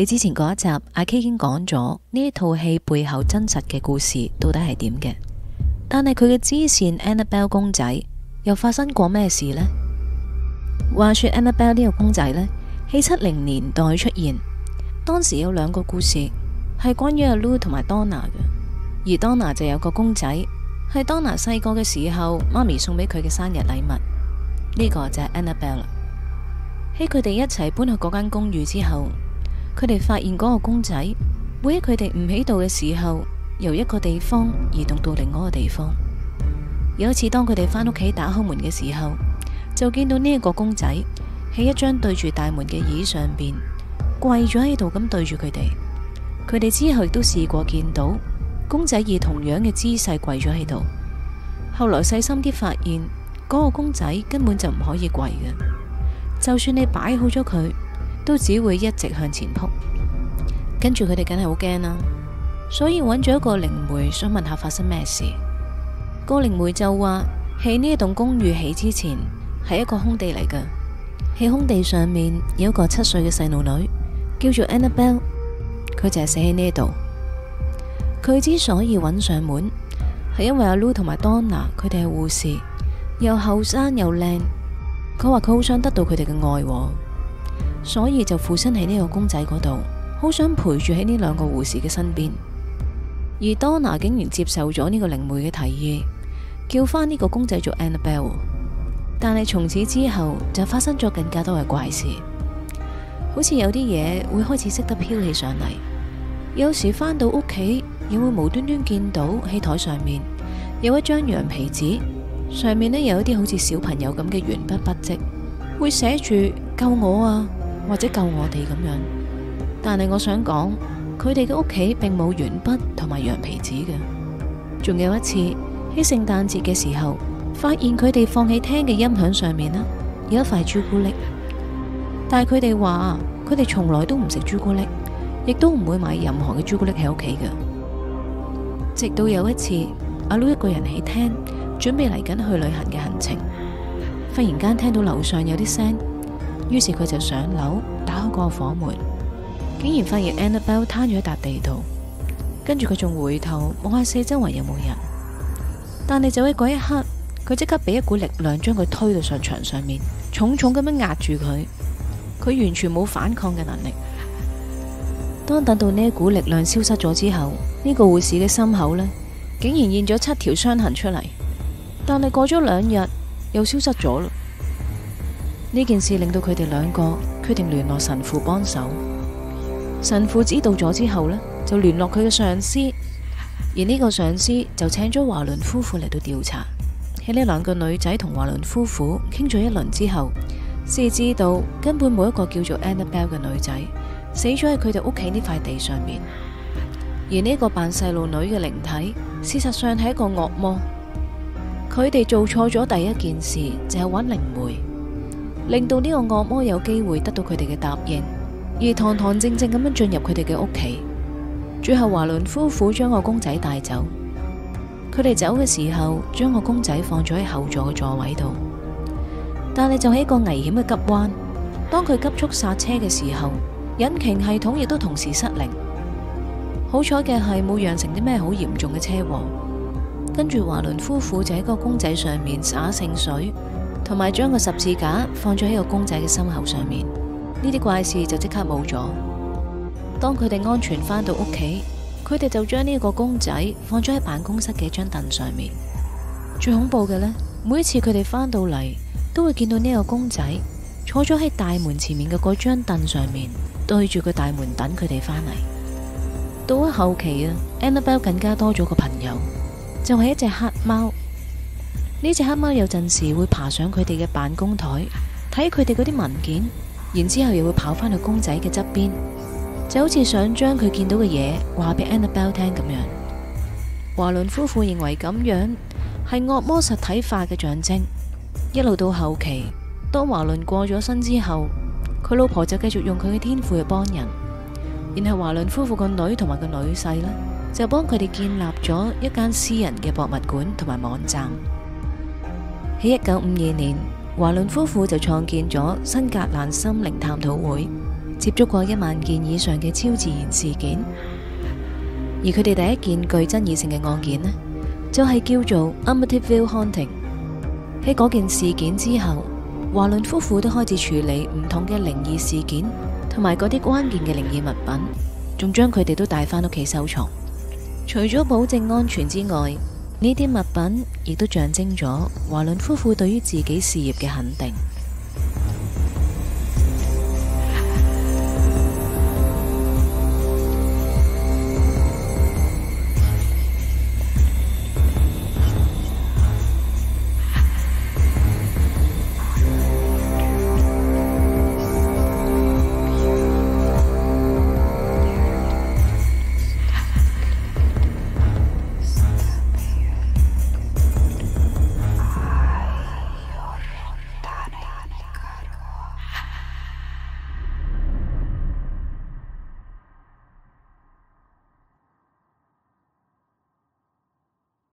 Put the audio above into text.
喺之前嗰一集，阿 k 已經講咗呢一套戲背後真實嘅故事到底係點嘅？但係佢嘅支線 Annabelle 公仔又發生過咩事呢？話說 Annabelle 呢個公仔呢，喺七零年代出現，當時有兩個故事係關於阿 Lou 同埋 Donna 嘅，而 Donna 就有個公仔係 Donna 細個嘅時候媽咪送俾佢嘅生日禮物，呢個就係 Annabelle 啦。喺佢哋一齊搬去嗰間公寓之後，佢哋發現嗰個公仔會喺佢哋唔喺度嘅時候，由一個地方移動到另外一個地方。有一次，當佢哋返屋企打開門嘅時候，就見到呢一個公仔喺一張對住大門嘅椅上邊跪咗喺度咁對住佢哋。佢哋之後亦都試過見到公仔以同樣嘅姿勢跪咗喺度。後來細心啲發現，嗰個公仔根本就唔可以跪嘅，就算你擺好咗佢，都只會一直向前撲，跟住佢哋梗係好驚啦，所以揾咗一個靈媒想問下發生咩事。個靈媒就話：喺呢一棟公寓起之前，係一個空地嚟嘅喺空地上面有一個七歲嘅細路女，叫做 Annabelle，佢就係死喺呢度。佢之所以揾上門，係因為阿 Lou 同埋 Donna 佢哋係護士，又後生又靚，佢話佢好想得到佢哋嘅愛喎。所以就附身喺呢個公仔嗰度，好想陪住喺呢兩個護士嘅身邊。而多娜竟然接受咗呢個靈媒嘅提議，叫返呢個公仔做 Annabelle。但係從此之後就發生咗更加多嘅怪事，好似有啲嘢會開始識得飄起上嚟。有時返到屋企，你會無端端見到喺台上面有一張羊皮紙，上面呢有一啲好似小朋友咁嘅鉛筆筆跡，會寫住救我啊！或者救我哋咁樣，但係我想講，佢哋嘅屋企並冇鉛筆同埋羊皮紙嘅。仲有一次喺聖誕節嘅時候，發現佢哋放喺廳嘅音響上面啦，有一塊朱古力。但係佢哋話，佢哋從來都唔食朱古力，亦都唔會買任何嘅朱古力喺屋企嘅。直到有一次，阿老一個人喺廳，準備嚟緊去旅行嘅行程，忽然間聽到樓上有啲聲。於是佢就上樓，打開嗰個火門，竟然發現 Annabelle 攤咗一笪地度。跟住佢仲回頭望下四周圍有冇人。但係就喺嗰一刻，佢即刻俾一股力量將佢推到上牆上面，重重咁樣壓住佢。佢完全冇反抗嘅能力。當等到呢一股力量消失咗之後，呢個護士嘅心口呢，竟然現咗七條傷痕出嚟。但係過咗兩日，又消失咗。呢件事令到佢哋兩個決定聯絡神父幫手。神父知道咗之後呢，就聯絡佢嘅上司，而呢個上司就請咗華倫夫婦嚟到調查。喺呢兩個女仔同華倫夫婦傾咗一輪之後，先知道根本冇一個叫做 Annabelle 嘅女仔死咗喺佢哋屋企呢塊地上面，而呢個扮細路女嘅靈體事實上係一個惡魔。佢哋做錯咗第一件事就係揾靈媒。令到呢個惡魔有機會得到佢哋嘅答應，而堂堂正正咁樣進入佢哋嘅屋企。最後華倫夫婦將個公仔帶走。佢哋走嘅時候，將個公仔放咗喺後座嘅座位度。但係就喺一個危險嘅急彎，當佢急速剎車嘅時候，引擎系統亦都同時失靈。好彩嘅係冇釀成啲咩好嚴重嘅車禍。跟住華倫夫婦就喺個公仔上面灑聖水。同埋將個十字架放咗喺個公仔嘅心口上面，呢啲怪事就即刻冇咗。當佢哋安全返到屋企，佢哋就將呢個公仔放咗喺辦公室嘅張凳上面。最恐怖嘅呢，每一次佢哋返到嚟，都會見到呢個公仔坐咗喺大門前面嘅嗰張凳上面，對住個大門等佢哋返嚟。到咗後期啊，Annabelle 更加多咗個朋友，就係、是、一隻黑貓。呢隻黑貓有陣時會爬上佢哋嘅辦公檯睇佢哋嗰啲文件，然之後又會跑翻去公仔嘅側邊，就好似想將佢見到嘅嘢話俾 Annabelle 聽咁樣。華倫夫婦認為咁樣係惡魔實體化嘅象徵。一路到後期，當華倫過咗身之後，佢老婆就繼續用佢嘅天賦去幫人。然後華倫夫婦個女同埋個女婿呢，就幫佢哋建立咗一間私人嘅博物館同埋網站。喺一九五二年，華倫夫婦就創建咗新格蘭心靈探討會，接觸過一萬件以上嘅超自然事件。而佢哋第一件具爭議性嘅案件呢，就係、是、叫做 Amityville Haunting。喺嗰件事件之後，華倫夫婦都開始處理唔同嘅靈異事件，同埋嗰啲關鍵嘅靈異物品，仲將佢哋都帶返屋企收藏。除咗保證安全之外，呢啲物品亦都象徵咗華倫夫婦對於自己事業嘅肯定。